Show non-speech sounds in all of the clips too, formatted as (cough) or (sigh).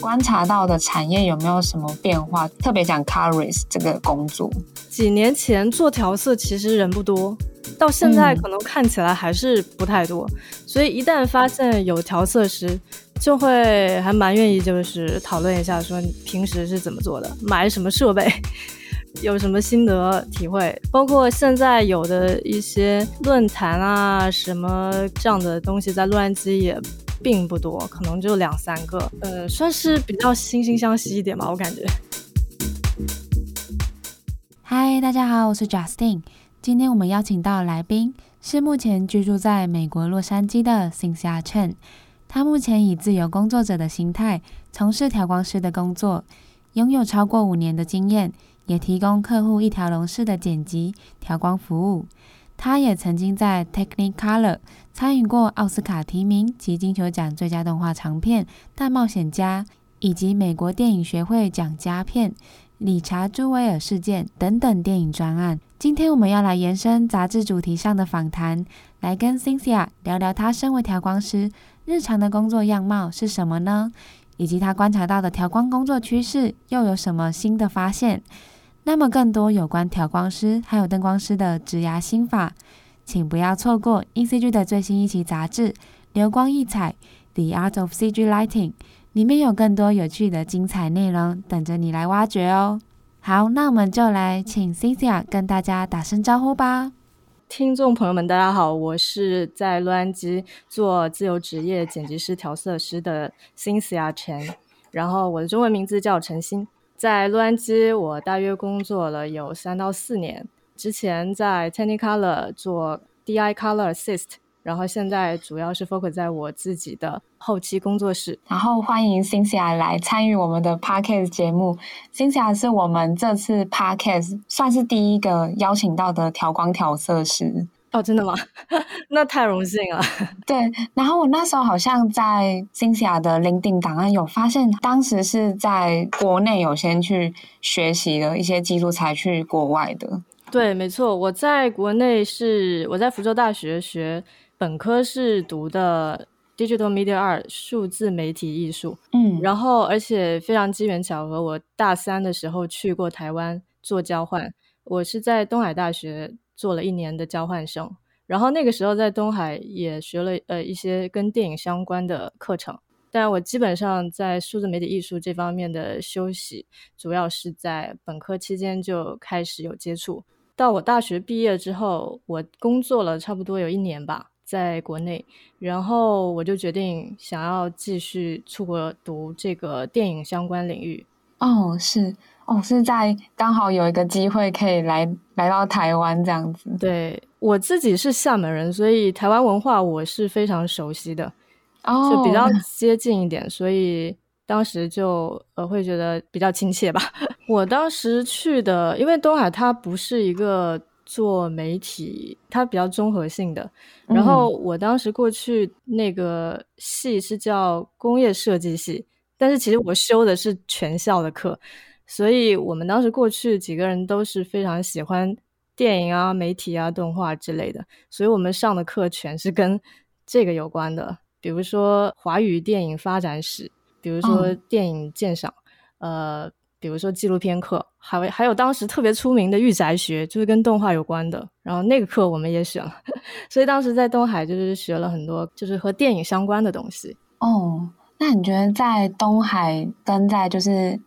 觀察到的產業有沒有什麼變化？特別講 Carries 這個工作，幾年前做調色其實人不多，到現在可能看起來還是不太多，嗯、所以一旦發現有調色師，就會還蠻願意就是討論一下，說你平時是怎麼做的，買什麼設備，有什麼心得體會，包括現在有的一些論壇啊什麼這樣的東西，在洛杉磯也並不多，可能就兩三個，呃，算是比較惺惺相惜一點吧，我感覺。嗨，大家好，我是 Justin，今天我們邀請到來賓是目前居住在美國洛杉磯的 Cynthia Chen，他目前以自由工作者的型態從事調光師的工作，擁有超過五年的經驗，也提供客戶一條龍式的剪輯調光服務，他也曾經在 Technicolor。參與過奧斯卡提名及金球獎最佳動畫長片《大冒險家》，以及美國電影學會獎佳片《理查·朱維爾事件》等等電影專案。今天我們要來延伸雜誌主題上的訪談，來跟 Cynthia 聊聊她身為調光師日常的工作樣貌是什麼呢？以及她觀察到的調光工作趨勢又有什麼新的發現？那麼更多有關調光師還有燈光師的職涯心法。請不要錯過《INCG》的最新一期雜誌《流光溢彩：The Art of CG Lighting》，裡面有更多有趣的精彩內容等着你來挖掘哦。好，那我們就來請 Cynthia 跟大家打聲招呼吧。聽眾朋友們，大家好，我是在洛杉磯做自由職業剪輯師、調色師的 Cynthia Chen，然後我的中文名字叫陳欣。在洛杉磯，我大約工作了有三到四年。之前在 Technicolor 做。DI Color Assist，然後現在主要是 focus 在我自己的後期工作室。然後歡迎 Cynthia 來參與我們的 Podcast 節目。Cynthia 是我們這次 Podcast 算是第一個邀請到的調光調色師。哦，真的嗎？ (laughs) 那太榮幸了。對，然後我那時候好像在 Cynthia 的 LinkedIn 檔案有發現，當時是在國內有先去學習了一些技術，才去國外的。對，沒錯，我在國內是我在福州大學學本科，是讀的 Digital Media 二數字媒體藝術，嗯，然後而且非常機緣巧合，我大三的時候去過台灣做交換，我是在東海大學做了一年的交換生，然後那個時候在東海也學了呃一些跟電影相關的課程，但我基本上在數字媒體藝術這方面的休息，主要是在本科期間就開始有接觸。到我大學畢業之後，我工作了差不多有一年吧，在國內，然後我就決定想要繼續出國讀這個電影相關領域。哦，是哦，是在剛好有一個機會可以來來到台灣這樣子。對我自己是廈門人，所以台灣文化我是非常熟悉的，哦，就比較接近一點，所以。當時就呃會覺得比較親切吧。我當時去的，因為東海它不是一個做媒體，它比較綜合性的。然後我當時過去那個系是叫工業設計系，但是其實我修的是全校的課，所以我們當時過去幾個人都是非常喜歡電影啊、媒體啊、動畫之類的，所以我們上的課全是跟這個有關的，比如說華語電影發展史。比如說電影鑑賞，嗯、呃，比如說紀錄片課，還有還有當時特別出名的《御宅學》，就是跟動畫有關的。然後那個課我們也選了，所以當時在東海就是學了很多，就是和電影相關的東西。哦，那你覺得在東海跟在就是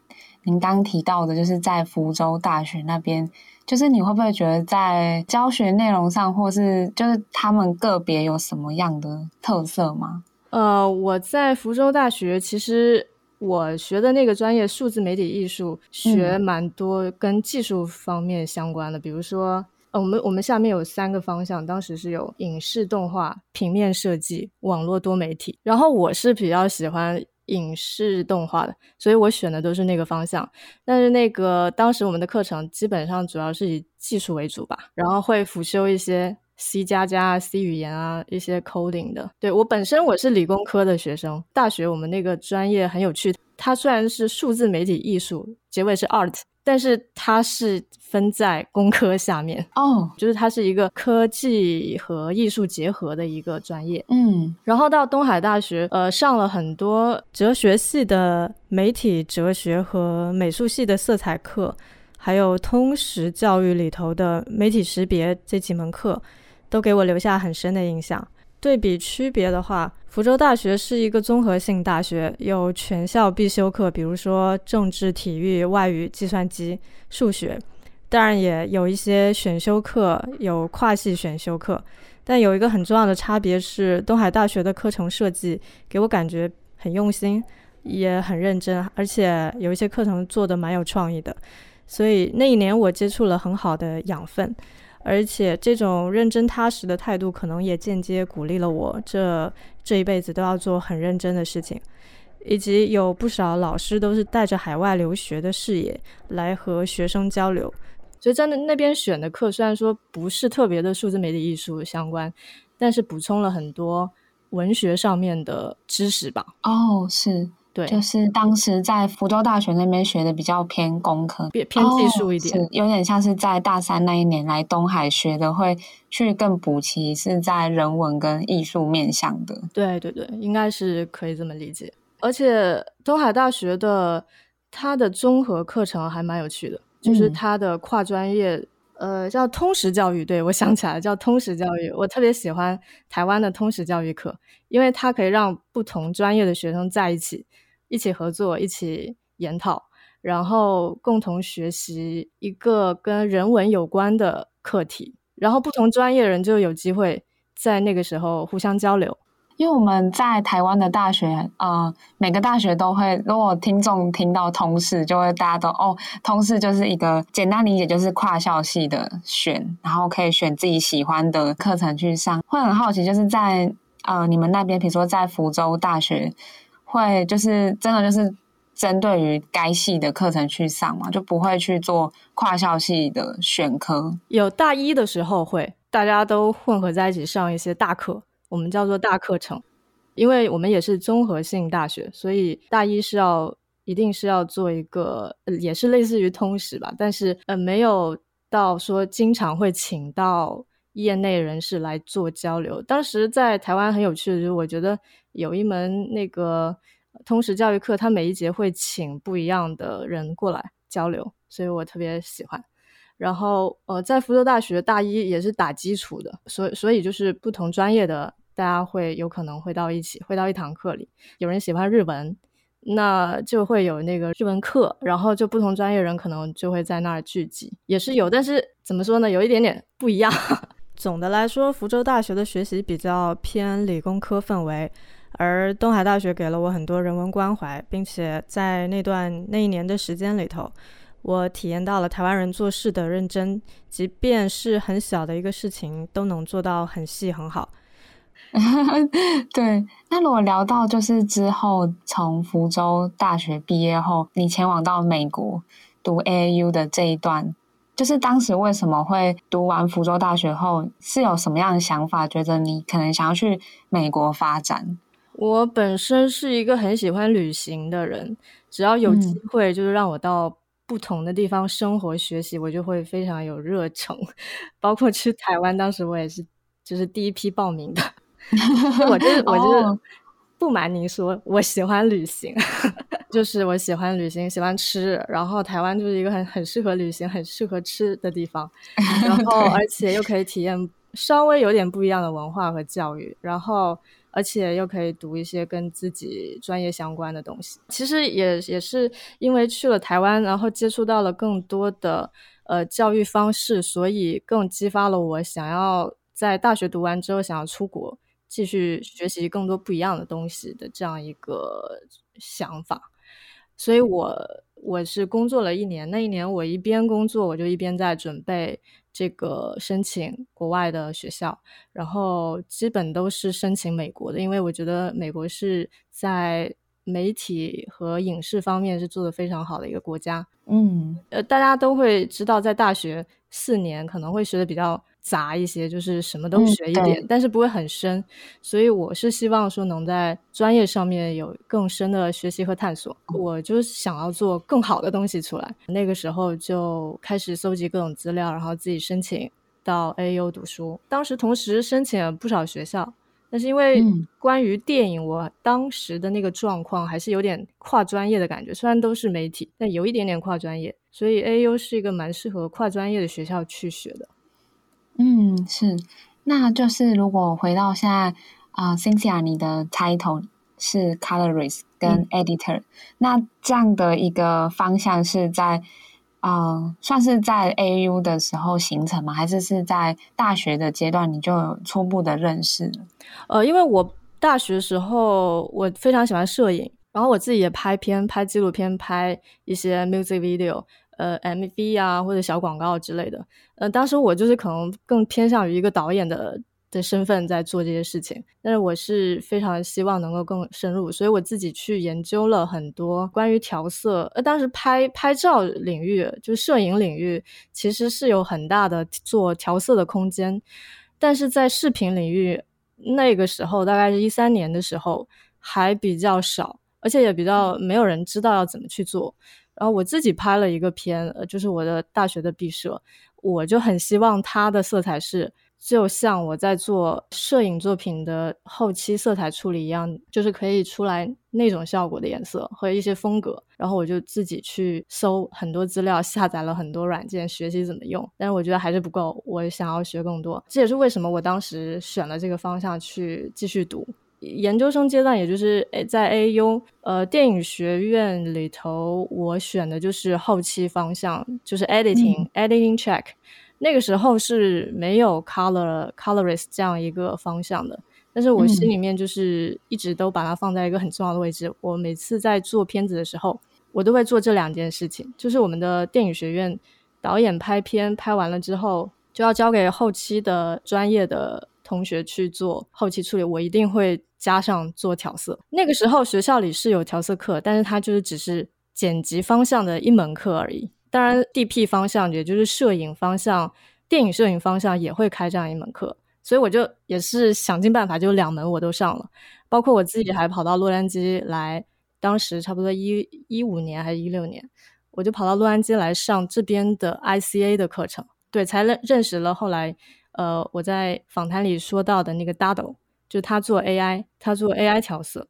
您剛提到的，就是在福州大學那邊，就是你會不會覺得在教學內容上，或是就是他們個別有什麼樣的特色嗎？呃，我在福州大學，其實我學的那個專業數字媒體藝術，學蠻多、嗯、跟技術方面相關的，比如說，呃、我們我們下面有三個方向，當時是有影視動畫、平面設計、網絡多媒體，然後我是比較喜歡影視動畫的，所以我選的都是那個方向。但是那個當時我們的課程基本上主要是以技術為主吧，然後會輔修一些。C 加加、C 語言啊，一些 coding 的。對我本身我是理工科的學生，大學我們那個專業很有趣，它雖然是數字媒體藝術，結尾是 art，但是它是分在工科下面哦，oh. 就是它是一個科技和藝術結合的一個專業。嗯，mm. 然後到東海大學，呃，上了很多哲學系的媒體哲學和美術系的色彩課，還有通識教育裡頭的媒體識別這幾門課。都給我留下很深的印象。對比區別的話，福州大學是一個綜合性大學，有全校必修課，比如說政治、體育、外語、計算機、數學，當然也有一些選修課，有跨系選修課。但有一個很重要的差別是，東海大學的課程設計給我感覺很用心，也很認真，而且有一些課程做得蠻有創意的。所以那一年我接觸了很好的養分。而且這種認真踏實的態度，可能也間接鼓勵了我這，這這一輩子都要做很認真的事情。以及有不少老師都是帶着海外留學的視野來和學生交流，所以在那那邊選的課雖然說不是特別的數字媒體藝術相關，但是補充了很多文學上面的知識吧。哦，是。對，就是當時在福州大學那邊學的比較偏工科，也偏技術一點，oh，有點像是在大三那一年來東海學的，會去更補齊是在人文跟藝術面向的。對對對，應該是可以這麼理解。而且東海大學的它的綜合課程還蠻有趣的，就是它的跨專業。嗯呃，叫通識教育，對，我想起來叫通識教育。我特別喜歡台灣的通識教育課，因為它可以讓不同專業的學生在一起，一起合作，一起研討，然後共同學習一個跟人文有關的課題，然後不同專業的人就有機會在那個時候互相交流。因為我們在台灣的大學，呃，每個大學都會，如果聽眾聽到通識就會大家都哦，通識就是一個簡單理解，就是跨校系的選，然後可以選自己喜歡的課程去上。會很好奇，就是在呃，你們那邊，比如說在福州大學，會就是真的就是針對於該系的課程去上嘛，就不會去做跨校系的選科？有大一的時候會，大家都混合在一起上一些大課。我們叫做大課程，因為我們也是綜合性大學，所以大一是要一定是要做一個，呃、也是類似於通識吧，但是呃沒有到說經常會請到業內人士來做交流。當時在台灣很有趣的就是，我覺得有一門那個通識教育課，他每一節會請不一樣的人過來交流，所以我特別喜歡。然後呃，在福州大學大一也是打基礎的，所以所以就是不同專業的。大家會有可能會到一起，會到一堂課裡。有人喜歡日文，那就會有那個日文課。然後就不同專業人可能就會在那兒聚集，也是有。但是怎麼說呢，有一點點不一樣。總的來說，福州大學的學習比較偏理工科氛圍，而東海大學給了我很多人文關懷，並且在那段那一年的時間裡頭，我體驗到了台灣人做事的認真，即便是很小的一個事情，都能做到很細很好。 (laughs) 對，那如果聊到就是之後從福州大學畢業後，你前往到美國讀 A U 的這一段，就是當時為什麼會讀完福州大學後是有什麼樣的想法，覺得你可能想要去美國發展？我本身是一個很喜歡旅行的人，只要有機會，就是讓我到不同的地方生活學習，嗯、我就會非常有熱忱。包括去台灣，當時我也是就是第一批報名的。我就 (laughs) 我就是，就是不瞞您說，Oh. 我喜歡旅行， (laughs) 就是我喜歡旅行，喜歡吃。然後台灣就是一個很很適合旅行、很適合吃的地方，然後而且又可以體驗稍微有點不一樣的文化和教育，然後而且又可以讀一些跟自己專業相關的東西。其實也也是因為去了台灣，然後接觸到了更多的呃教育方式，所以更激發了我想要在大學讀完之後想要出國。繼續學習更多不一樣的東西的這樣一個想法，所以我我是工作了一年，那一年我一邊工作，我就一邊在準備這個申請國外的學校，然後基本都是申請美國的，因為我覺得美國是在媒體和影視方面是做得非常好的一個國家。嗯，呃，大家都會知道，在大學四年可能會學得比較。雜一些，就是什麼都學一點，嗯哎、但是不會很深。所以我是希望說能在專業上面有更深的學習和探索。嗯、我就想要做更好的東西出來。那個時候就開始蒐集各種資料，然後自己申請到 A U 讀書。當時同時申請了不少學校，但是因為關於電影，嗯、我當時的那個狀況還是有點跨專業的感覺。雖然都是媒體，但有一點點跨專業。所以 A U 是一個蠻適合跨專業的學校去學的。嗯，是，那就是如果回到現在啊、呃、Cynthia，你的 title 是 colorist 跟 editor，嗯、那這樣的一個方向是在啊、呃，算是在 AU 的時候形成嗎？還是是在大學的階段你就有初步的認識？呃，因為我大學的時候我非常喜歡攝影，然後我自己也拍片、拍紀錄片、拍一些 music video。呃，MV 啊，或者小廣告之類的。呃，當時我就是可能更偏向於一個導演的的身份在做這些事情，但是我是非常希望能夠更深入，所以我自己去研究了很多關於調色。呃，當時拍拍照領域，就攝影領域，其實是有很大的做調色的空間，但是在視頻領域，那個時候大概是一三年的時候，還比較少，而且也比較沒有人知道要怎麼去做。然後我自己拍了一個片，呃，就是我的大學的畢設，我就很希望它的色彩是就像我在做攝影作品的後期色彩處理一樣，就是可以出來那種效果的顏色和一些風格。然後我就自己去搜很多資料，下載了很多軟件，學習怎麼用。但是我覺得還是不夠，我想要學更多。這也是為什麼我當時選了這個方向去繼續讀。研究生階段，也就是在 AU 呃，電影學院裡頭，我選的就是後期方向，就是 editing、嗯、editing check。那個時候是沒有 color、colorist 這樣一個方向的，但是我心裡面就是一直都把它放在一個很重要的位置。嗯、我每次在做片子的時候，我都會做這兩件事情，就是我們的電影學院導演拍片拍完了之後，就要交給後期的專業的同學去做後期處理，我一定會加上做調色。那個時候學校裡是有調色課，但是他就是只是剪輯方向的一門課而已。當然，DP 方向也就是攝影方向、電影攝影方向也會開這樣一門課，所以我就也是想盡辦法，就兩門我都上了。包括我自己還跑到洛杉磯來，當時差不多一一五年還是一六年，我就跑到洛杉磯來上這邊的 ICA 的課程，對，才認識了後來。呃，我在訪談裡說到的那個 Dado，就他做 AI，他做 AI 調色。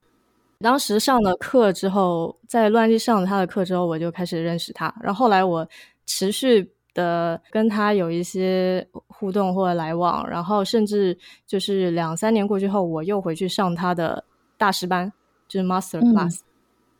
當時上了課之後，在亂七上了他的課之後，我就開始認識他。然後後來我持續的跟他有一些互動或者來往，然後甚至就是兩三年過去後，我又回去上他的大師班，就是 Master Class。嗯、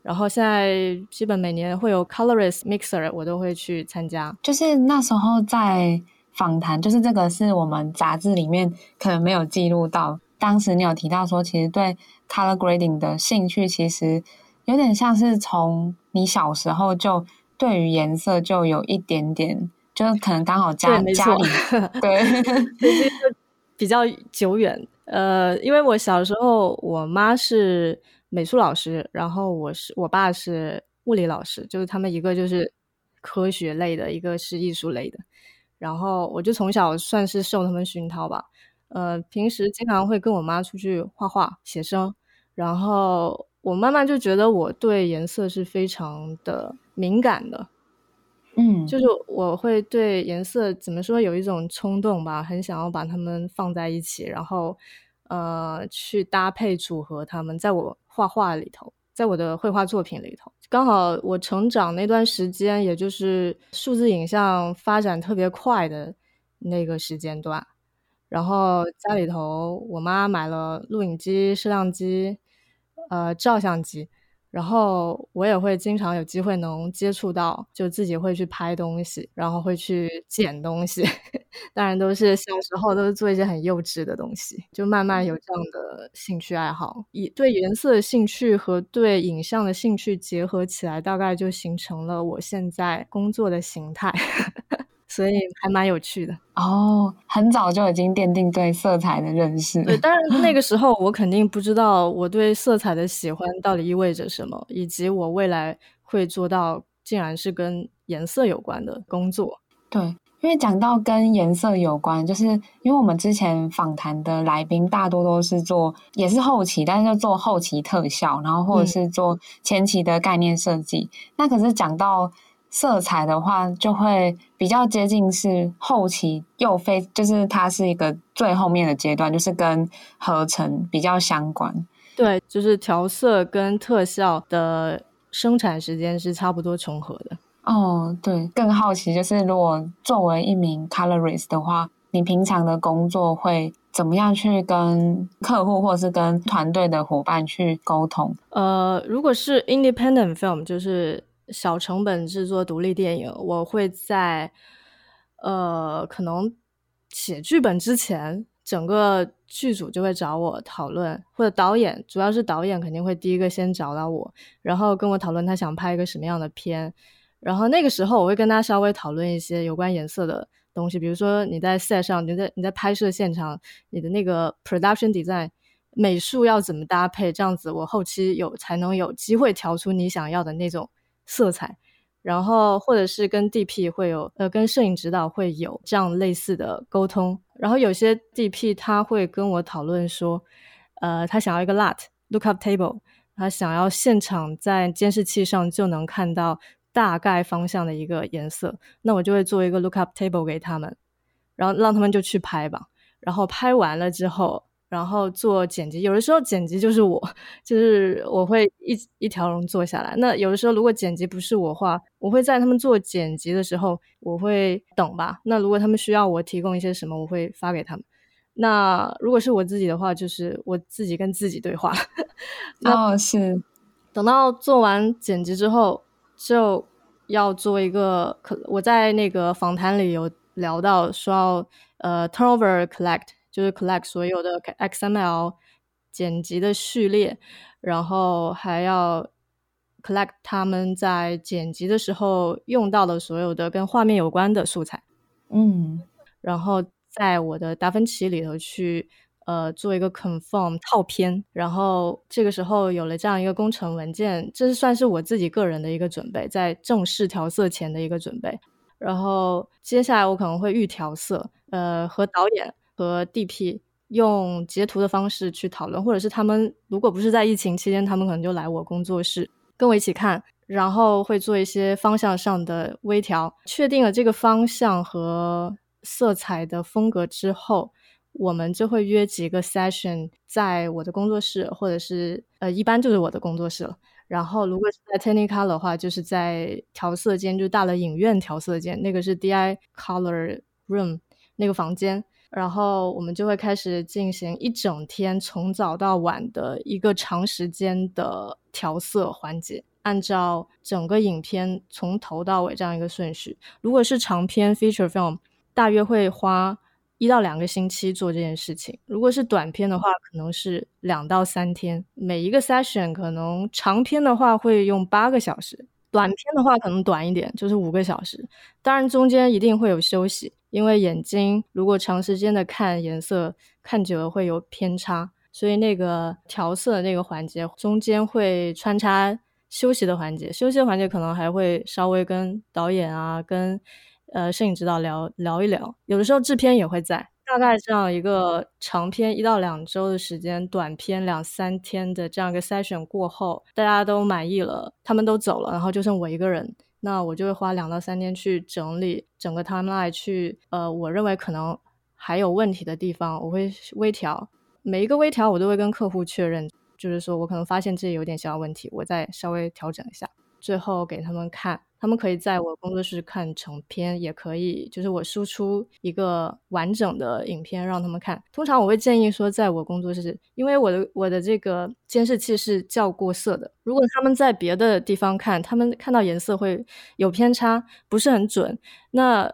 然後現在基本每年會有 Colorist Mixer，我都會去參加。就是那時候在。訪談就是這個，是我們雜誌裡面可能沒有記錄到。當時你有提到說，其實對 color grading 的興趣，其實有點像是從你小時候就對於顏色就有一點點，就可能剛好家對家裡錯對， (laughs) (laughs) 比較久遠。呃，因為我小時候，我媽是美術老師，然後我是我爸是物理老師，就是他們一個就是科學類的，一個是藝術類的。然後我就從小算是受他們熏陶吧，呃，平時經常會跟我媽出去畫畫寫生，然後我慢慢就覺得我對顏色是非常的敏感的，嗯，就是我會對顏色怎麼說有一種衝動吧，很想要把它們放在一起，然後呃去搭配組合它們，在我畫畫裡頭，在我的繪畫作品裡頭。剛好我成長那段時間，也就是數字影像發展特別快的那個時間段，然後家裡頭我媽買了錄影機、攝像機，呃，照相機。然後我也會經常有機會能接觸到，就自己會去拍東西，然後會去剪東西。當然都是小時候都是做一些很幼稚的東西，就慢慢有這樣的興趣愛好。以對顏色的興趣和對影像的興趣結合起來，大概就形成了我現在工作的形態。哈哈哈。所以還蠻有趣的哦，很早就已經奠定對色彩的認識。對，當然那個時候我肯定不知道我對色彩的喜歡到底意味着什麼，以及我未來會做到竟然是跟顏色有關的工作。對，因為講到跟顏色有關，就是因為我們之前訪談的來賓大多都是做也是後期，但是要做後期特效，然後或者是做前期的概念設計。嗯、那可是講到。色彩的話，就會比較接近是後期又非，就是它是一個最後面的階段，就是跟合成比較相關。對，就是調色跟特效的生產時間是差不多重合的。哦，對。更好奇就是，如果作為一名 colorist 的話，你平常的工作會怎麼樣去跟客戶或者是跟團隊的伙伴去溝通？呃，如果是 independent film，就是。小成本製作獨立電影，我會在呃，可能寫劇本之前，整個劇組就會找我討論，或者導演，主要是導演肯定會第一個先找到我，然後跟我討論他想拍一個什麼樣的片，然後那個時候我會跟他稍微討論一些有關顏色的東西，比如說你在 set 上，你在你在拍攝現場，你的那個 production design 美術要怎麼搭配，這樣子我後期有才能有機會調出你想要的那種。色彩，然後或者是跟 DP 會有，呃，跟攝影指導會有這樣類似的溝通。然後有些 DP 他會跟我討論說，呃，他想要一個 LUT, lookup table，他想要現場在監視器上就能看到大概方向的一個顏色，那我就會做一個 lookup table 給他們，然後讓他們就去拍吧。然後拍完了之後。然後做剪輯，有的時候剪輯就是我，就是我會一一條龍做下來。那有的時候如果剪輯不是我的話，我會在他們做剪輯的時候，我會等吧。那如果他們需要我提供一些什麼，我會發給他們。那如果是我自己的話，就是我自己跟自己對話。哦、oh, (laughs) 啊，是。等到做完剪輯之後，就要做一個可我在那個訪談裡有聊到說要呃 turnover collect。就是 collect 所有的 XML 剪輯的序列，然後還要 collect 他們在剪輯的時候用到的所有的跟畫面有關的素材。嗯，然後在我的達芬奇裡頭去呃做一個 conform 套片，然後這個時候有了這樣一個工程文件，這是算是我自己個人的一個準備，在正式調色前的一個準備。然後接下來我可能會預調色，呃，和導演和 DP 用截圖的方式去討論，或者是他們如果不是在疫情期間，他們可能就來我工作室跟我一起看，然後會做一些方向上的微調。確定了這個方向和色彩的風格之後，我們就會約幾個 session，在我的工作室，或者是呃，一般就是我的工作室了。然後如果是在 Technicolor 的話，就是在調色間，就是大的影院調色間，那個是 DI color room 那個房間。然後我們就會開始進行一整天，從早到晚的一個長時間的調色環節，按照整個影片從頭到尾這樣一個順序。如果是長篇 feature film，大約會花一到兩個星期做這件事情；如果是短片的話，可能是兩到三天。每一個 session 可能長篇的話會用八個小時，短篇的話可能短一點，就是五個小時。當然，中間一定會有休息。因為眼睛，如果長時間的看顏色，看久了會有偏差，所以那個調色的那個環節中間會穿插休息的環節，休息的環節可能還會稍微跟導演啊，跟呃攝影指導聊聊一聊，有的時候制片也會在。大概這樣一個長片一到兩周的時間，短片兩三天的這樣一個篩選過後，大家都滿意了，他們都走了，然後就剩我一個人。那我就會花兩到三天去整理整個 timeline 去，呃，我認為可能還有問題的地方，我會微調。每一個微調，我都會跟客戶確認，就是說我可能發現這裡有點小問題，我再稍微調整一下，最後給他們看。他們可以在我工作室看成片，也可以就是我輸出一個完整的影片讓他們看。通常我會建議說，在我工作室，因為我的我的這個監視器是校過色的。如果他們在別的地方看，他們看到顏色會有偏差，不是很準。那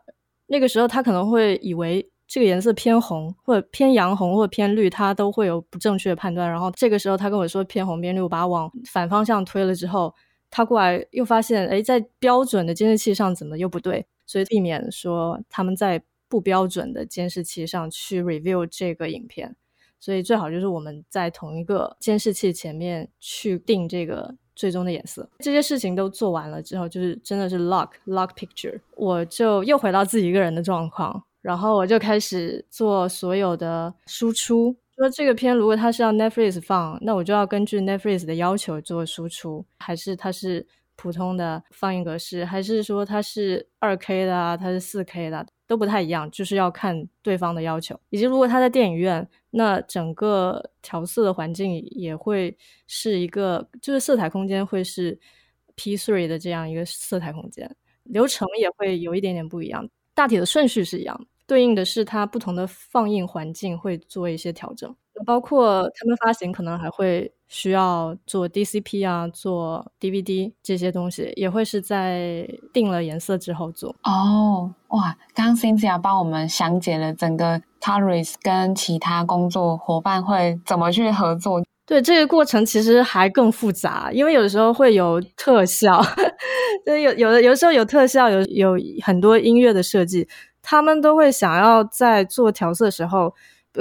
那個時候他可能會以為這個顏色偏紅，或者偏洋紅，或者偏綠，他都會有不正確的判斷。然後這個時候他跟我說偏紅偏綠，我把他往反方向推了之後。他過來又發現，哎，在標準的監視器上怎麼又不對？所以避免說他們在不標準的監視器上去 review 這個影片，所以最好就是我們在同一個監視器前面去定這個最終的顏色。這些事情都做完了之後，就是真的是 lock lock picture，我就又回到自己一個人的狀況，然後我就開始做所有的輸出。說這個片如果它是要 Netflix 放，那我就要根據 Netflix 的要求做輸出，還是它是普通的放映格式，還是說它是 2K 的啊，它是 4K 的，都不太一樣，就是要看對方的要求。以及如果它在電影院，那整個調色的環境也會是一個，就是色彩空間會是 P3 的這樣一個色彩空間，流程也會有一點點不一樣，大體的順序是一樣的。對應的是它不同的放映環境會做一些調整，包括他們發行可能還會需要做 DCP 啊，做 DVD 這些東西，也會是在定了顏色之後做。哦，oh, 哇！剛剛 Cynthia 幫我們詳解了整個 Taurus 跟其他工作夥伴會怎麼去合作。對，這個過程其實還更複雜，因為有的時候會有特效，就 (laughs) 有有的有的時候有特效，有有很多音樂的設計。他們都會想要在做調色的時候，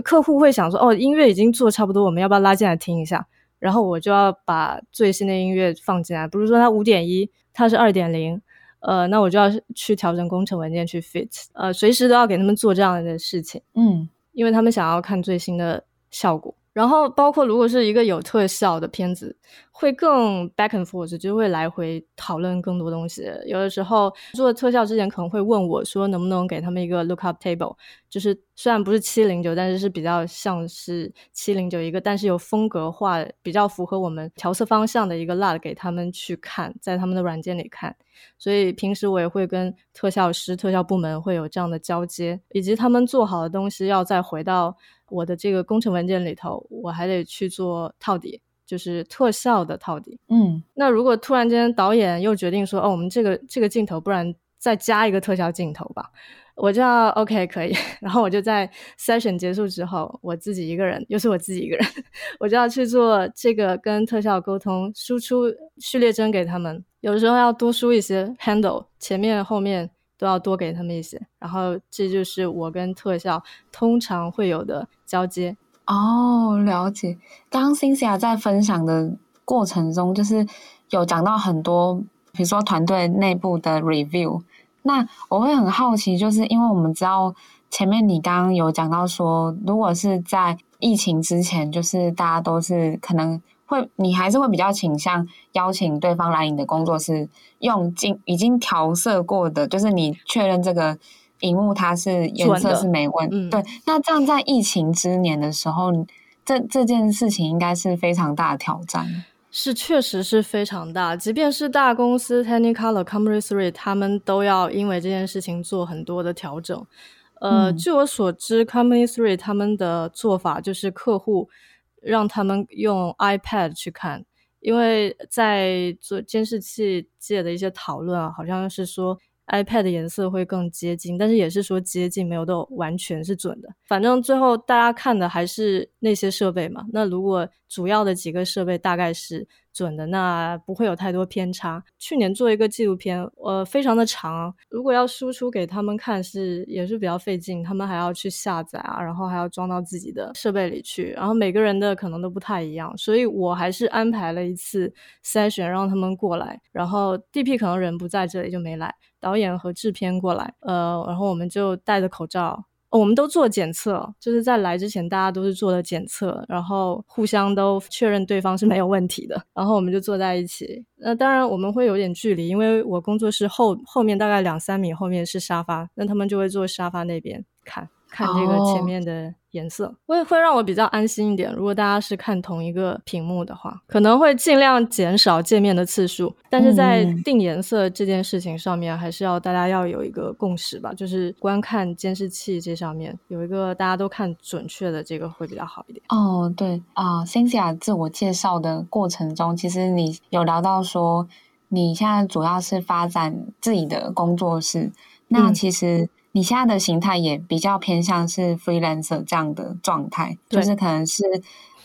客戶會想說：“哦，音樂已經做差不多，我們要不要拉進來聽一下？”然後我就要把最新的音樂放進來。不是說它五點一，它是二點零，呃，那我就要去調整工程文件去 fit，呃，隨時都要給他們做這樣的事情。嗯，因為他們想要看最新的效果。然後，包括如果是一個有特效的片子，會更 back and forth，就會來回討論更多東西。有的時候做特效之前，可能會問我說，能不能給他們一個 lookup table，就是雖然不是七零九，但是是比較像是七零九一個，但是有風格化、比較符合我們調色方向的一個 LUT 給他們去看，在他們的軟件裡看。所以平時我也會跟特效師、特效部門會有這樣的交接，以及他們做好的東西要再回到。我的這個工程文件裡頭，我還得去做套底，就是特效的套底。嗯，那如果突然間導演又決定說，哦，我們這個這個鏡頭，不然再加一個特效鏡頭吧，我就要 OK 可以。然後我就在 session 結束之後，我自己一個人，又是我自己一個人，我就要去做這個跟特效溝通，輸出序列幀給他們。有的時候要多輸一些 handle，前面後面。都要多給他們一些，然後這就是我跟特效通常會有的交接。哦，了解。剛剛 Cynthia 在分享的過程中，就是有講到很多，比如說團隊內部的 review。那我會很好奇，就是因為我們知道前面你剛剛有講到說，如果是在疫情之前，就是大家都是可能。會，你還是會比較傾向邀請對方來你的工作室，用經已經調色過的，就是你確認這個螢幕它是顏色是沒問題。嗯、對，那這樣在疫情之年的時候，這這件事情應該是非常大的挑戰。是確實是非常大，即便是大公司 Technicolor Company 3，他們都要因為這件事情做很多的調整。呃，嗯、據我所知，Company 3他們的做法就是客戶。讓他們用 iPad 去看，因為在做監視器界的一些討論啊，好像是說 iPad 的顏色會更接近，但是也是說接近沒有到完全是準的。反正最後大家看的還是那些設備嘛。那如果主要的幾個設備大概是。準的，那不會有太多偏差。去年做一個紀錄片，呃，非常的長，如果要輸出給他們看，是也是比較費勁，他們還要去下載啊，然後還要裝到自己的設備裡去，然後每個人的可能都不太一樣，所以我還是安排了一次篩選，讓他們過來。然後 DP 可能人不在這裡就沒來，導演和制片過來，呃，然後我們就戴着口罩。我們都做檢測，就是在來之前，大家都是做了檢測，然後互相都確認對方是沒有問題的，然後我們就坐在一起。那、呃、當然我們會有點距離，因為我工作室後後面大概兩三米，後面是沙發，那他們就會坐沙發那邊看，看這個前面的。Oh. 顏色會會讓我比較安心一點。如果大家是看同一個屏幕的話，可能會盡量減少見面的次數。但是在定顏色這件事情上面，嗯、還是要大家要有一個共識吧。就是觀看監視器這上面有一個大家都看準確的，這個會比較好一點。哦，對啊、呃，Cynthia 自我介紹的過程中，其實你有聊到說你現在主要是發展自己的工作室。那其實、嗯。你現在的形態也比較偏向是 freelancer 這樣的狀態，對就是可能是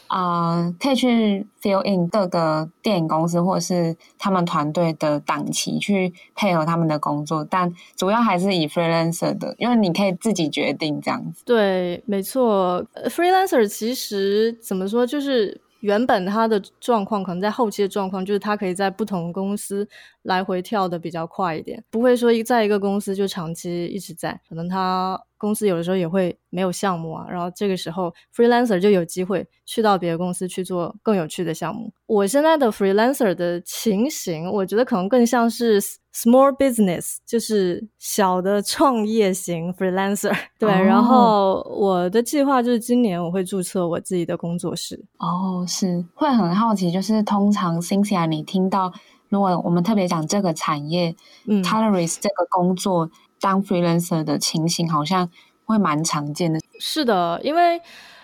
啊、呃，可以去 fill in 各個電影公司或者是他們團隊的檔期去配合他們的工作，但主要還是以 freelancer 的，因為你可以自己決定這樣子。對，沒錯，freelancer 其實怎麼說就是。原本他的狀況可能在後期的狀況，就是他可以在不同公司來回跳的比較快一點，不會說一在一個公司就長期一直在，可能他。公司有的時候也會沒有項目啊，然後這個時候 freelancer 就有機會去到別的公司去做更有趣的項目。我現在的 freelancer 的情形，我覺得可能更像是 small business，就是小的創業型 freelancer。對，哦、然後我的計劃就是今年我會注冊我自己的工作室。哦，是會很好奇，就是通常 Cynthia 你聽到如果我們特別講這個產業 telecine 這個工作，當 freelancer 的情形，好像會蠻常見的。是的，因為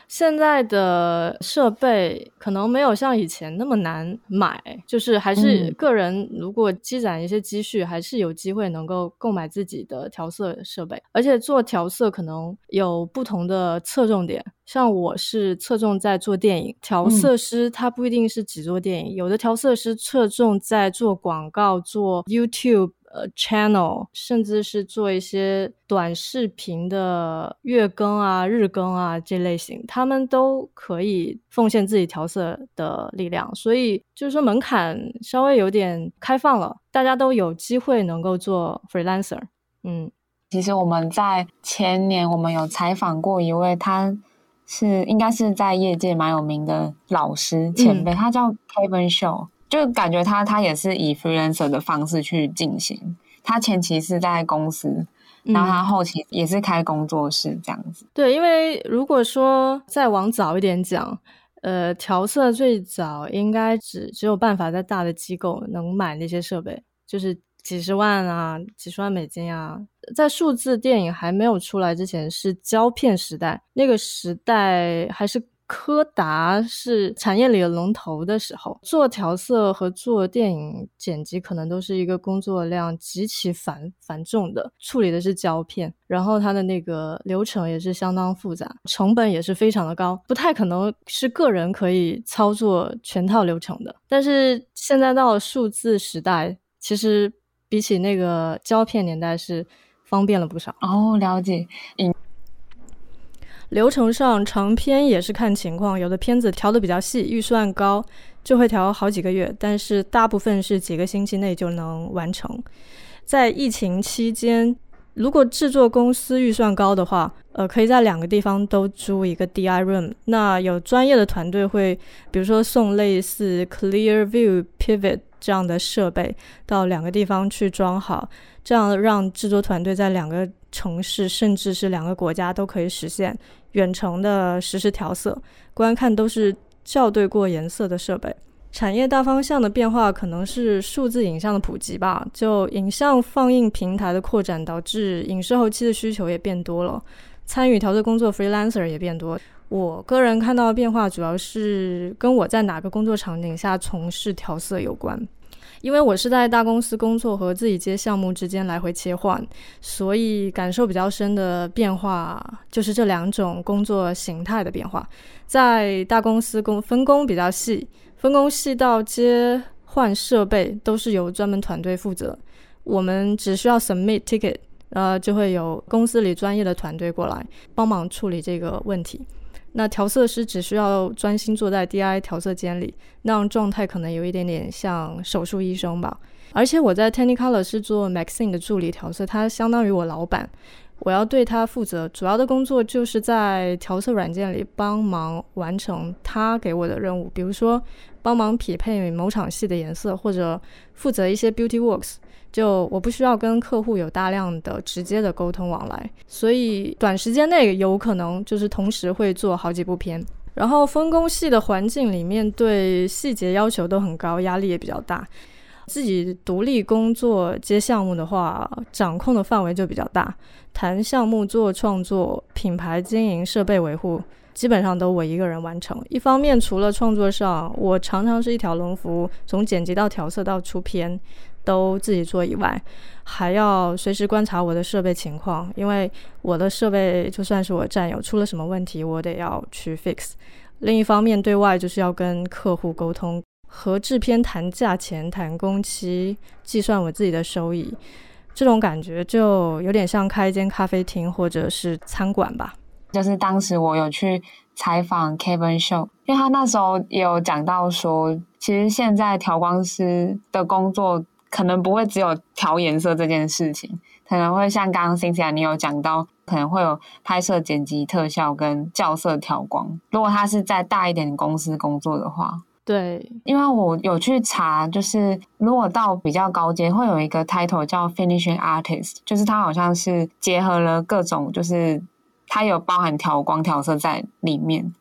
現在的設備可能沒有像以前那麼難買，就是還是個人如果積攢一些積蓄，嗯、還是有機會能夠購買自己的調色設備。而且做調色可能有不同的側重點，像我是側重在做電影，調色師他不一定是只做電影，嗯、有的調色師側重在做廣告、做 YouTube。呃，channel，甚至是做一些短視頻的月更啊、日更啊這類型，他們都可以奉獻自己調色的力量，所以就是說門檻稍微有點開放了，大家都有機會能夠做 freelancer。嗯，其實我們在前年我們有採訪過一位，他是應該是在業界蠻有名的老師前輩，嗯、他叫 Kevin Shaw。就感覺他他也是以 freelancer 的方式去進行，他前期是在公司，然後他後期也是開工作室這樣子。嗯。對，因為如果說再往早一點講，呃，調色最早應該只只有辦法在大的機構能買那些設備，就是幾十萬啊，幾十萬美金啊。在數字電影還沒有出來之前，是膠片時代，那個時代還是，柯達是產業裡的龍頭的時候，做調色和做電影剪輯可能都是一個工作量極其繁繁重的，處理的是膠片，然後它的那個流程也是相當複雜，成本也是非常的高，不太可能是個人可以操作全套流程的。但是現在到了數字時代，其實比起那個膠片年代是方便了不少。哦，了解。流程上，長片也是看情況，有的片子調的比較細，預算高就會調好幾個月，但是大部分是幾個星期內就能完成。在疫情期間，如果製作公司預算高的話，呃，可以在兩個地方都租一個 DI room。那有專業的團隊會，比如說送類似 Clear View Pivot 這樣的設備到兩個地方去裝好，這樣讓製作團隊在兩個地方城市甚至是兩個國家都可以實現遠程的實時調色，觀看都是校對過顏色的設備。產業大方向的變化可能是數字影像的普及吧，就影像放映平台的擴展導致影視後期的需求也變多了，參與調色工作 freelancer 也變多。我個人看到的變化主要是跟我在哪個工作場景下從事調色有關。因為我是在大公司工作和自己接項目之間來回切換，所以感受比較深的變化就是這兩種工作形態的變化。在大公司工分工比較細，分工細到接換設備都是由專門團隊負責，我們只需要 submit ticket，呃，就會有公司裡專業的團隊過來幫忙處理這個問題。那調色師只需要專心坐在 DI 調色間裡，那樣狀態可能有一點點像手術醫生吧。而且我在 Tenny Color 是做 Maxine 的助理調色，他相當於我老板，我要對他負責。主要的工作就是在調色軟件裡幫忙完成他給我的任務，比如說幫忙匹配某場戲的顏色，或者負責一些 Beauty Works。就我不需要跟客戶有大量的直接的溝通往來，所以短時間內有可能就是同時會做好幾部片。然後分工細的環境裡面，對細節要求都很高，壓力也比較大。自己獨立工作接項目的話，掌控的範圍就比較大。談項目、做創作、品牌經營、設備維護，基本上都我一個人完成。一方面，除了創作上，我常常是一條龍服務，從剪輯到調色到出片。都自己做以外，還要隨時觀察我的設備情況，因為我的設備就算是我戰友出了什麼問題，我得要去 fix。另一方面，對外就是要跟客戶溝通，和制片談價錢、談工期、計算我自己的收益，這種感覺就有點像開一間咖啡廳或者是餐館吧。就是當時我有去採訪 Kevin Show，因為他那時候也有講到說，其實現在調光師的工作。可能不會只有調顏色這件事情，可能會像剛剛 Cynthia 你有講到，可能會有拍攝、剪輯、特效跟校色、調光。如果他是在大一點公司工作的話，對，因為我有去查，就是如果到比較高階，會有一個 title 叫 finishing artist，就是它好像是結合了各種，就是它有包含調光、調色在裡面。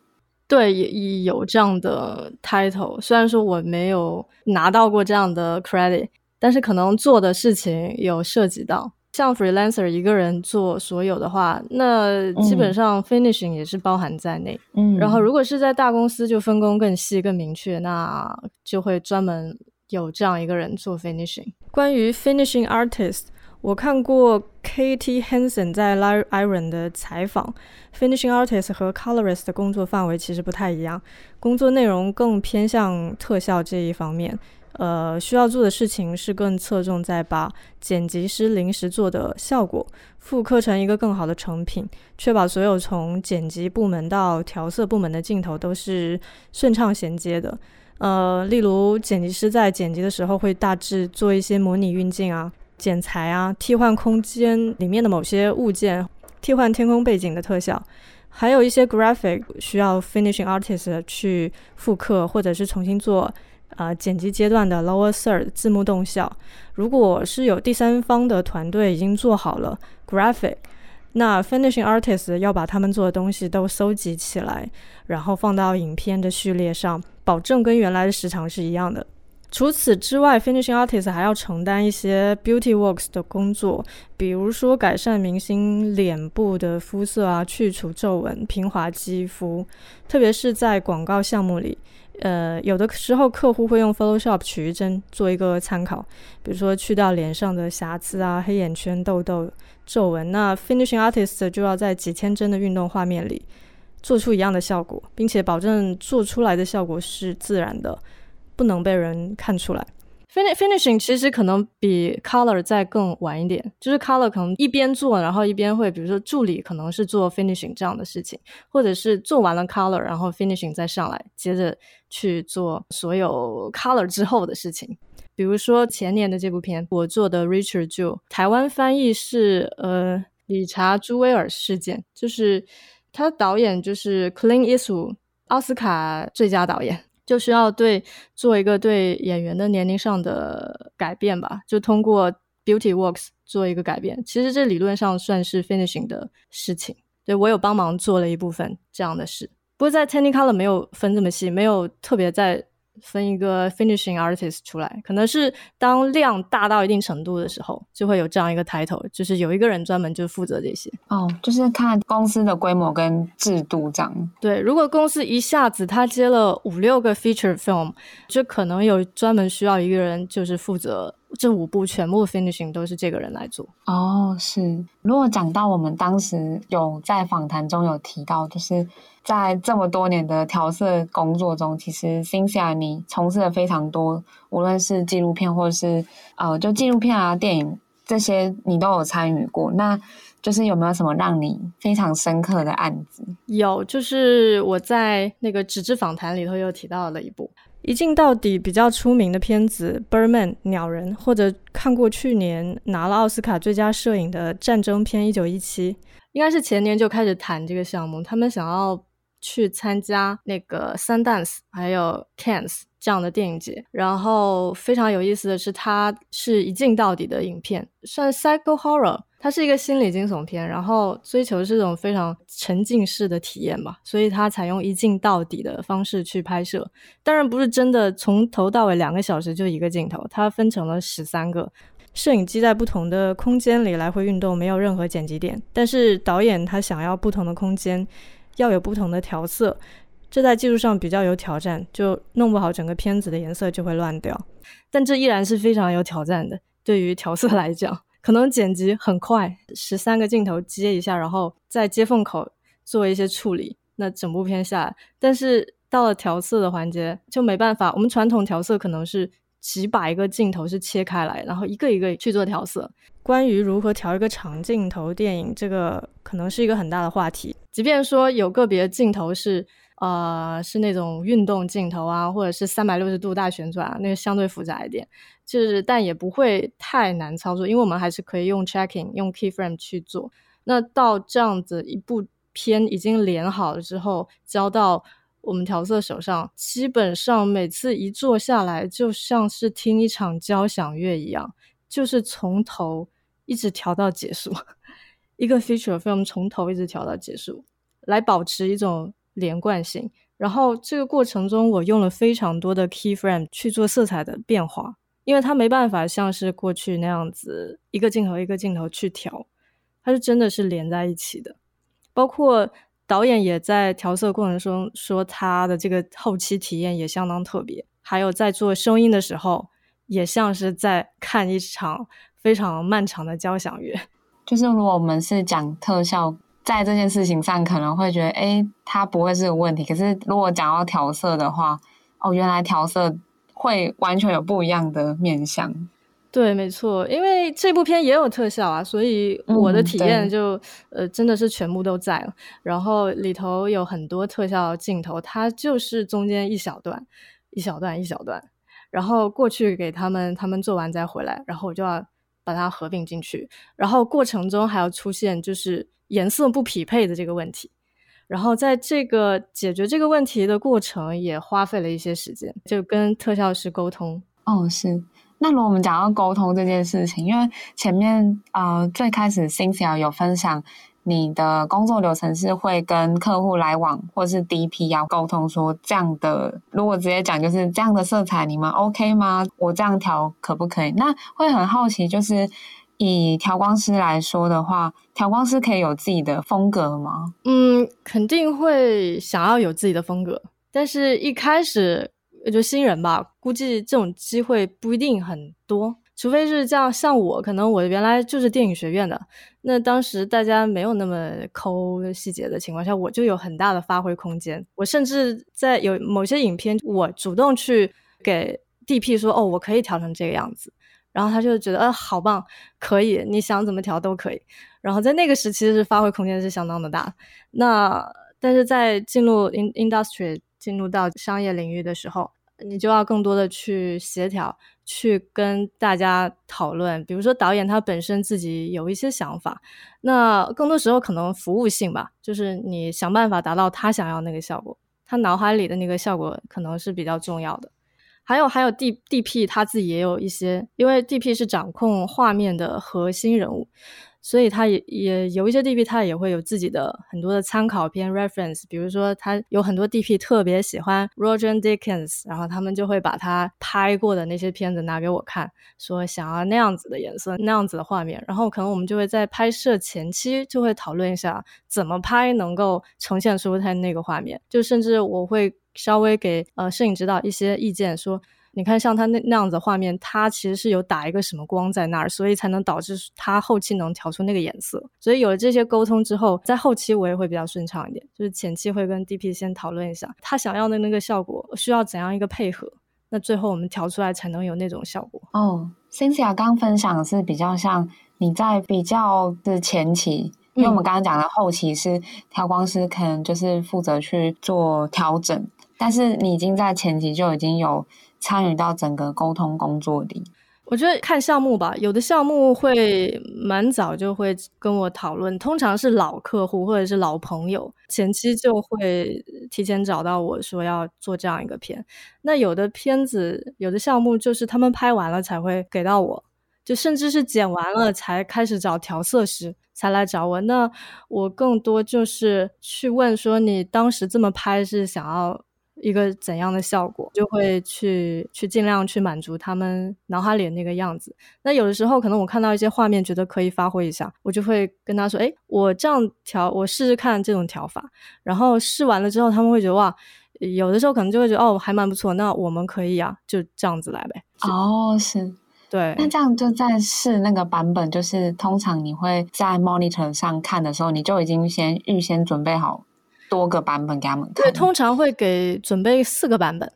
對，也有這樣的 title，雖然說我沒有拿到過這樣的 credit。但是可能做的事情有涉及到，像 freelancer 一個人做所有的話，那基本上 finishing、嗯、也是包含在內。嗯，然後如果是在大公司，就分工更細、更明確，那就會專門有這樣一個人做 finishing。關於 finishing artist，我看過 Katie Hanson 在 Iron 的採訪，finishing artist 和 colorist 的工作範圍其實不太一樣，工作內容更偏向特效這一方面。呃，需要做的事情是更側重在把剪輯師臨時做的效果複刻成一個更好的成品，確保所有從剪輯部門到調色部門的鏡頭都是順暢銜接的。呃，例如剪輯師在剪輯的時候會大致做一些模擬運鏡啊、剪裁啊、替換空間裡面的某些物件、替換天空背景的特效，還有一些 graphic 需要 finishing artist 去複刻或者是重新做。啊，剪輯階段的 lower third 字幕動效，如果是有第三方的團隊已經做好了 graphic，那 finishing artist 要把他們做的東西都蒐集起來，然後放到影片的序列上，保證跟原來的時長是一樣的。除此之外，finishing artist 還要承擔一些 beauty works 的工作，比如說改善明星臉部的膚色啊，去除皺紋，平滑肌膚，特別是在廣告項目裡。呃，有的時候客戶會用 Photoshop 取一幀做一個參考，比如說去掉臉上的瑕疵啊、黑眼圈、痘痘、皺紋，那 finishing artist 就要在幾千幀的運動畫面裡做出一樣的效果，並且保證做出來的效果是自然的，不能被人看出來。finishing 其實可能比 color 再更晚一點，就是 color 可能一邊做，然後一邊會，比如說助理可能是做 finishing 這樣的事情，或者是做完了 color，然後 finishing 再上來，接着去做所有 color 之後的事情。比如說前年的這部片，我做的 Richard Jewell，台灣翻譯是呃理查朱威爾事件，就是他導演就是 Clint Eastwood，奧斯卡最佳導演。就需要對做一個對演員的年齡上的改變吧，就通過 beauty works 做一個改變。其實這理論上算是 finishing 的事情，對，我有幫忙做了一部分這樣的事。不過在 Technicolor 沒有分這麼細，沒有特別在，分一個 finishing artist 出來，可能是當量大到一定程度的時候，就會有這樣一個 title，就是有一個人專門就負責這些。哦，就是看公司的規模跟制度這樣。對，如果公司一下子他接了五六個 feature film，就可能有專門需要一個人，就是負責這五部全部 finishing 都是這個人來做。哦，是。如果講到我們當時有在訪談中有提到，就是。在這麼多年的調色工作中，其實 Cynthia 你從事了非常多，無論是紀錄片或者是呃，就紀錄片啊電影這些，你都有參與過。那就是有沒有什麼讓你非常深刻的案子？有，就是我在那個紙質訪談裡頭又提到了一部一鏡到底比較出名的片子《Birdman》鳥人，或者看過去年拿了奧斯卡最佳攝影的戰爭片《一九一七》，應該是前年就開始談這個項目，他們想要。去參加那個 Sundance 還有 Cannes 這樣的電影節，然後非常有意思的是，它是一鏡到底的影片，算 psycho horror，它是一個心理驚悚片，然後追求是一種非常沉浸式的體驗吧，所以它採用一鏡到底的方式去拍攝，當然不是真的從頭到尾兩個小時就一個鏡頭，它分成了十三個，攝影機在不同的空間裡來回運動，沒有任何剪輯點，但是導演他想要不同的空間。要有不同的調色，這在技術上比較有挑戰，就弄不好整個片子的顏色就會亂掉。但這依然是非常有挑戰的。對於調色來講，可能剪輯很快，十三個鏡頭接一下，然後在接縫口做一些處理，那整部片下來。但是到了調色的環節，就沒辦法。我們傳統調色可能是幾百個鏡頭是切開來，然後一個一個去做調色。關於如何調一個長鏡頭電影，這個可能是一個很大的話題。即便說有個別的鏡頭是，呃，是那種運動鏡頭啊，或者是三百六十度大旋轉啊，那個相對複雜一點，就是，但也不會太難操作，因為我們還是可以用 tracking、用 keyframe 去做。那到這樣子一部片已經連好了之後，交到我們調色手上，基本上每次一坐下來，就像是聽一場交響樂一樣，就是從頭。一直調到結束，一個 feature film 從頭一直調到結束，來保持一種連貫性。然後這個過程中，我用了非常多的 key frame 去做色彩的變化，因為它沒辦法像是過去那樣子一個鏡頭一個鏡頭去調，它是真的是連在一起的。包括導演也在調色過程中說他的這個後期體驗也相當特別，還有在做聲音的時候，也像是在看一場。非常漫長的交響樂，就是如果我們是講特效，在這件事情上可能會覺得，哎，它不會是有問題。可是如果講到調色的話，哦，原來調色會完全有不一樣的面向。對，沒錯，因為這部片也有特效啊，所以我的體驗就，嗯、呃，真的是全部都在了。然後裡頭有很多特效鏡頭，它就是中間一小段、一小段、一小段，然後過去給他們，他們做完再回來，然後我就要。把它合併進去，然後過程中還要出現就是顏色不匹配的這個問題，然後在這個解決這個問題的過程也花費了一些時間，就跟特效師溝通。哦，是。那如果我們講到溝通這件事情，因為前面啊、呃、最開始 Cynthia 有分享。你的工作流程是會跟客戶來往，或是 DP 要、啊、溝通說這樣的，如果直接講就是這樣的色彩，你們 OK 嗎？我這樣調可不可以？那會很好奇，就是以調光師來說的話，調光師可以有自己的風格嗎？嗯，肯定會想要有自己的風格，但是一開始就新人吧，估計這種機會不一定很多。除非是這樣，像我，可能我原來就是電影學院的，那當時大家沒有那麼摳細節的情況下，我就有很大的發揮空間。我甚至在有某些影片，我主動去給 DP 說：“哦，我可以調成這個樣子。”然後他就覺得：“呃，好棒，可以，你想怎麼調都可以。”然後在那個時期是發揮空間是相當的大。那但是在進入 in industry 進入到商業領域的時候。你就要更多的去協調，去跟大家討論。比如說導演他本身自己有一些想法，那更多時候可能服務性吧，就是你想辦法達到他想要那個效果，他腦海裡的那個效果可能是比較重要的。還有還有 D D P 他自己也有一些，因為 D P 是掌控畫面的核心人物。所以他也也有一些 DP，他也會有自己的很多的參考片 reference。比如說，他有很多 DP 特別喜歡 Roger Deakins，然後他們就會把他拍過的那些片子拿給我看，說想要那樣子的顏色、那樣子的畫面。然後可能我們就會在拍攝前期就會討論一下怎麼拍能夠呈現出他那個畫面。就甚至我會稍微給呃攝影指導一些意見，說。你看，像他那那樣子的畫面，它其實是有打一個什麼光在那兒，所以才能導致它後期能調出那個顏色。所以有了這些溝通之後，在後期我也會比較順暢一點，就是前期會跟 DP 先討論一下他想要的那個效果需要怎樣一個配合，那最後我們調出來才能有那種效果。哦，oh，Cynthia 剛分享的是比較像你在比較的前期，嗯，因為我們剛剛講的後期是調光師可能就是負責去做調整。但是你已經在前期就已經有參與到整個溝通工作裡。我覺得看項目吧，有的項目會蠻早就會跟我討論，通常是老客戶或者是老朋友，前期就會提前找到我說，要做這樣一個片。那有的片子、有的項目就是他們拍完了才會給到我，就甚至是剪完了才開始找調色師，才來找我。那我更多就是去問說你當時這麼拍是想要一個怎樣的效果，就會去去盡量去滿足他們腦海裡那個樣子。那有的時候可能我看到一些畫面，覺得可以發揮一下，我就會跟他說：“哎，我這樣調，我試試看這種調法。”然後試完了之後，他們會覺得：“哇，有的時候可能就會覺得哦，還蠻不錯。”那我們可以啊，就這樣子來唄。哦，是，對。那這樣就在試那個版本，就是通常你會在 monitor 上看的時候，你就已經先預先準備好多個版本給他們看，對，通常會給準備四個版本，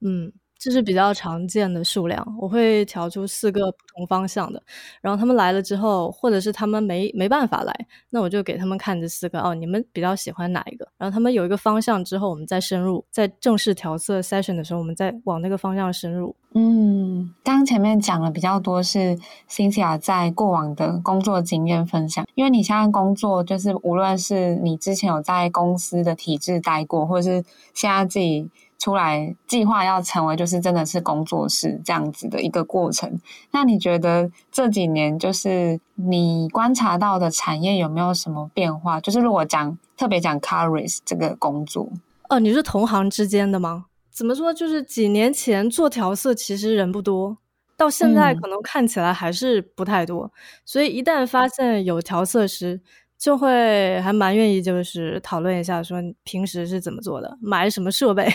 嗯，這是比較常見的數量。我會調出四個不同方向的，然後他們來了之後，或者是他們沒沒辦法來，那我就給他們看這四個。哦，你們比較喜歡哪一個？然後他們有一個方向之後，我們再深入，在正式調色 session 的時候，我們再往那個方向深入。嗯。剛前面講了比較多是 Cynthia 在過往的工作經驗分享，因為你現在工作就是無論是你之前有在公司的體制待過，或者是現在自己出來計劃要成為，就是真的是工作室這樣子的一個過程。那你覺得這幾年就是你觀察到的產業有沒有什麼變化？就是如果講特別講 colorist 這個工作，哦、呃，你是同行之間的嗎？怎麼說？就是幾年前做調色其實人不多，到現在可能看起來還是不太多。嗯、所以一旦發現有調色師，就會還蠻願意就是討論一下，說你平時是怎麼做的，買什麼設備，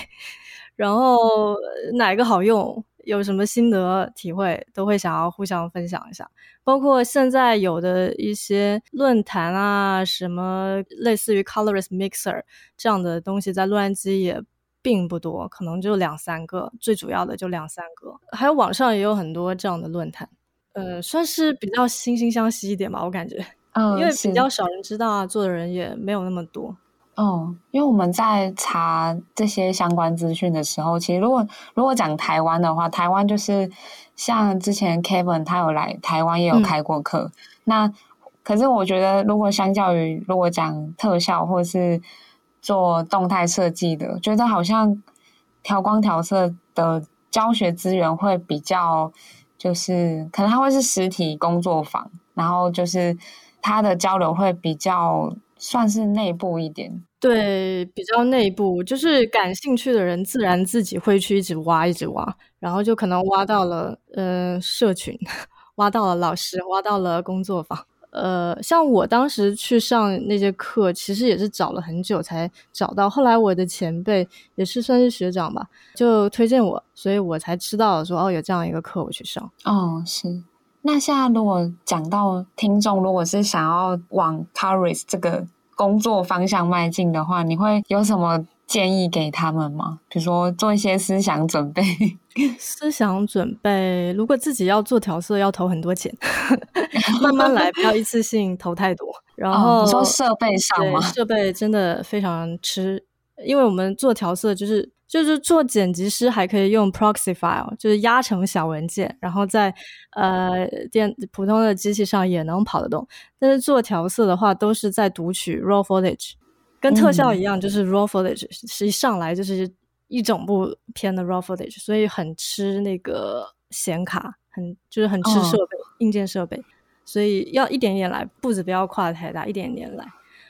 然後哪個好用，有什麼心得體會，都會想要互相分享一下。包括現在有的一些論壇啊，什麼類似於 Colorist Mixer 這樣的東西，在洛杉磯也並不多，可能就兩三個，最主要的就兩三個。還有網上也有很多這樣的論壇，呃，算是比較惺惺相惜一點吧，我感覺，嗯、哦，因為比較少人知道啊，行做的人也沒有那麼多。哦，因為我們在查這些相關資訊的時候，其實如果如果講台灣的話，台灣就是像之前 Kevin 他有來台灣也有開過課，嗯、那可是我覺得，如果相較於如果講特效或是。做動態設計的，覺得好像調光調色的教學資源會比較，就是可能它會是實體工作坊，然後就是它的交流會比較算是內部一點。對，比較內部，就是感興趣的人自然自己會去一直挖，一直挖，然後就可能挖到了，呃，社群，挖到了老師，挖到了工作坊。呃，像我當時去上那些課，其實也是找了很久才找到。後來我的前輩也是算是學長吧，就推薦我，所以我才知道說哦，有這樣一個課我去上。哦，是。那現在如果講到聽眾，如果是想要往 curate 這個工作方向邁進的話，你會有什麼建議給他們嗎？比如說做一些思想準備。 (laughs) 思想準備，如果自己要做調色，要投很多錢， (laughs) 慢慢來， (laughs) 不要一次性投太多。 (laughs) 然後、哦、說設備上嘛，對，設備真的非常吃，因為我們做調色就是就是做剪輯師還可以用 proxy file，就是壓成小文件，然後在呃電普通的機器上也能跑得動。但是做調色的話，都是在讀取 raw footage，跟特效一樣，嗯、就是 raw footage 是一上來就是。一整部片的 raw footage，所以很吃那個顯卡，很就是很吃設備、oh. 硬件設備，所以要一點點來，步子不要跨得太大，一點點來。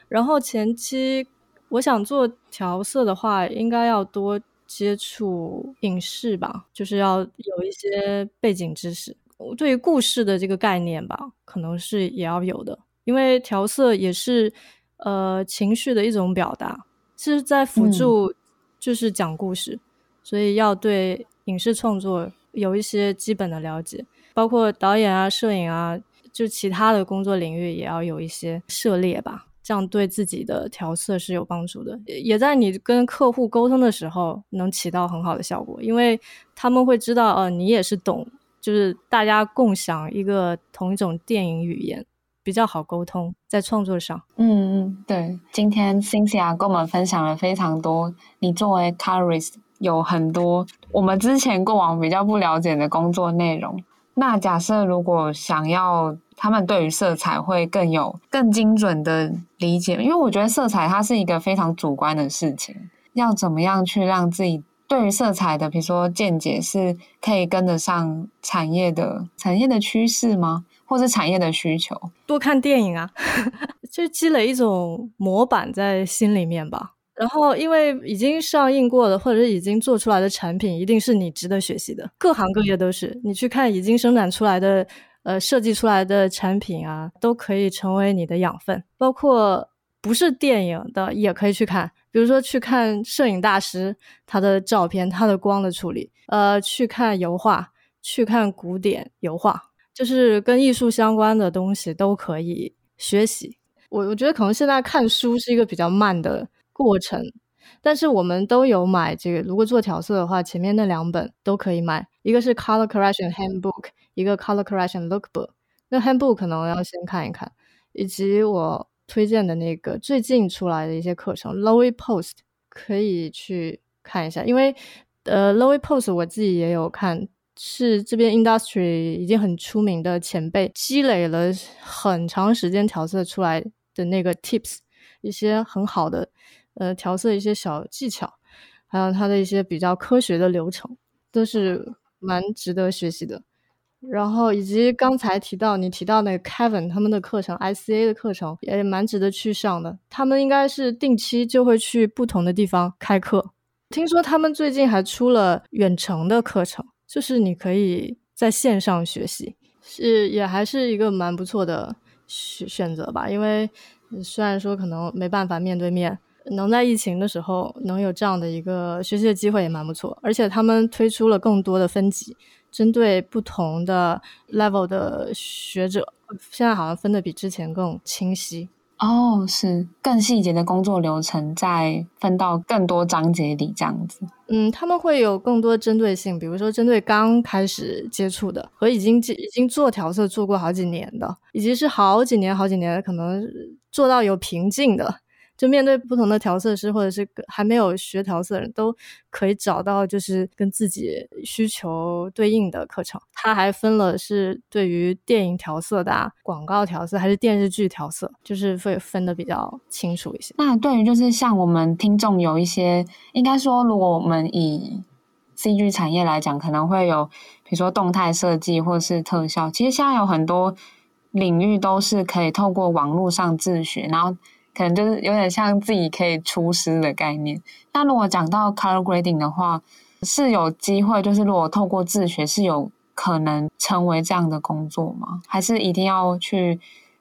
然後前期我想做調色的話，應該要多接觸影視吧，就是要有一些背景知識，我對於故事的這個概念吧，可能是也要有的，因為調色也是呃情緒的一種表達，其實在輔助、嗯。就是講故事，所以要對影視創作有一些基本的了解，包括導演啊、攝影啊，就其他的工作領域也要有一些涉獵吧。這樣對自己的調色是有幫助的，也在你跟客戶溝通的時候能起到很好的效果，因為他們會知道，呃，你也是懂，就是大家共享一個同一種電影語言。比較好溝通，在創作上，嗯嗯，對。今天 Cynthia 跟我們分享了非常多，你作為 Colorist 有很多我們之前過往比較不了解的工作內容。那假設如果想要他們對於色彩會更有更精準的理解，因為我覺得色彩它是一個非常主觀的事情，要怎麼樣去讓自己對於色彩的比如說見解是可以跟得上產業的產業的趨勢嗎？或者產業的需求，多看電影啊， (laughs) 就積累一種模板在心裡面吧。然後，因為已經上映過的或者是已經做出來的產品，一定是你值得學習的。各行各業都是，你去看已經生產出來的、呃，設計出來的產品啊，都可以成為你的養分。包括不是電影的，也可以去看，比如說去看攝影大師他的照片、他的光的處理，呃，去看油畫，去看古典油畫。就是跟藝術相關的東西都可以學習。我我覺得可能現在看書是一個比較慢的過程，但是我們都有買這個。如果做調色的話，前面那兩本都可以買，一個是《Color Correction Handbook》，一個《Color Correction Lookbook》。那《Handbook》可能要先看一看，以及我推薦的那個最近出來的一些課程《Lowey Post》可以去看一下，因為呃，Low《Lowey Post》我自己也有看。是這邊 industry 已經很出名的前輩，積累了很長時間調色出來的那個 tips，一些很好的，呃，調色一些小技巧，還有他的一些比較科學的流程，都是蠻值得學習的。然後以及剛才提到你提到那個 Kevin 他們的課程，ICA 的課程，也蠻值得去上的。他們應該是定期就會去不同的地方開課，聽說他們最近還出了遠程的課程。就是你可以在線上學習，是也還是一個蠻不錯的選選擇吧。因為雖然說可能沒辦法面對面，能在疫情的時候能有這樣的一個學習的機會也蠻不錯。而且他們推出了更多的分級，針對不同的 level 的學者，現在好像分得比之前更清晰。哦，oh, 是更細節的工作流程，再分到更多章節裡，這樣子。嗯，他們會有更多針對性，比如說針對剛開始接觸的，和已經已經做調色做過好幾年的，以及是好幾年好幾年可能做到有瓶頸的。就面對不同的調色師，或者是還沒有學調色的人都可以找到，就是跟自己需求對應的課程。他還分了是對於電影調色的、啊，廣告調色還是電視劇調色，就是會分得比較清楚一些。那對於就是像我們聽眾有一些，應該說如果我們以 CG 產業來講，可能會有比如說動態設計或者是特效，其實現在有很多領域都是可以透過網絡上自學，然後。可能就是有點像自己可以出師的概念。那如果講到 color grading 的話，是有機會？就是如果透過自學，是有可能成為這樣的工作嗎？還是一定要去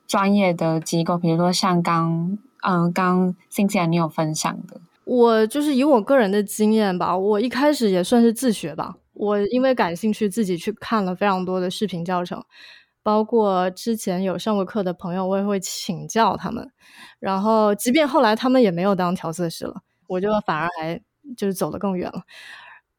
專業的機構？比如說像剛嗯、呃、剛 Cynthia 你有分享的。我就是以我個人的經驗吧，我一開始也算是自學吧。我因為感興趣，自己去看了非常多的視頻教程。包括之前有上過課的朋友，我也會請教他們。然後，即便後來他們也沒有當調色師了，我就反而還就是走得更遠了。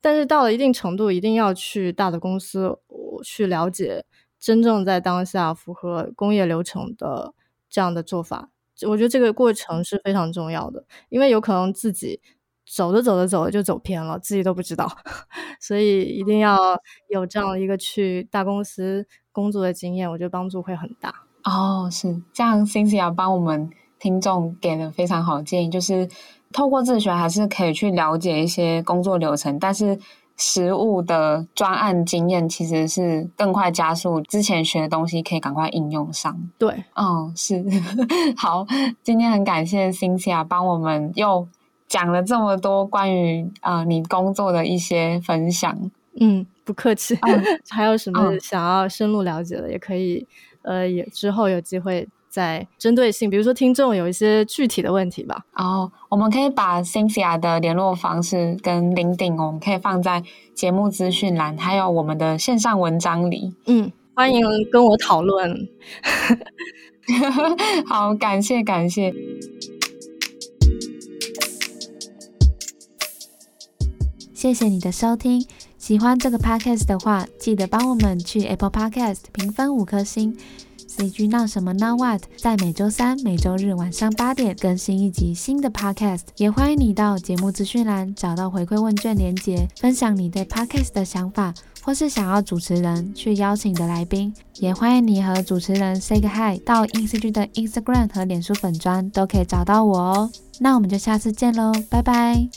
但是到了一定程度，一定要去大的公司，我去了解真正在當下符合工業流程的這樣的做法。我覺得這個過程是非常重要的，因為有可能自己。走着走着走著就走偏了，自己都不知道， (laughs) 所以一定要有這樣一個去大公司工作的經驗，我覺得幫助會很大。哦，是這樣。Cynthia 幫我們聽眾給了非常好的建議，就是透過自學還是可以去了解一些工作流程，但是實務的專案經驗其實是更快加速之前學的東西，可以趕快應用上。對，哦，是。 (laughs) 好，今天很感謝 Cynthia 幫我們又。講了這麼多關於啊、呃、你工作的一些分享，嗯，不客氣。 (laughs) 還有什麼想要深入了解的，也可以，呃，也之後有機會再針對性，比如說聽眾有一些具體的問題吧。哦，我們可以把 Cynthia 的聯絡方式跟 LinkedIn，我們可以放在節目資訊欄，還有我們的線上文章裡。嗯，歡迎跟我討論。 (laughs) (laughs) 好，感謝感謝。謝謝你的收聽，喜歡這個 podcast 的話，記得幫我們去 Apple Podcast 評分五顆星。CG 鬧什麼鬧？what，在每周三、每周日晚上八點更新一集新的 podcast。也歡迎你到節目資訊欄找到回饋問卷連結，分享你對 podcast 的想法，或是想要主持人去邀請的來賓。也歡迎你和主持人 say 個 hi。到 INCG 的 Instagram 和臉書粉專都可以找到我哦。那我們就下次見嘍，拜拜。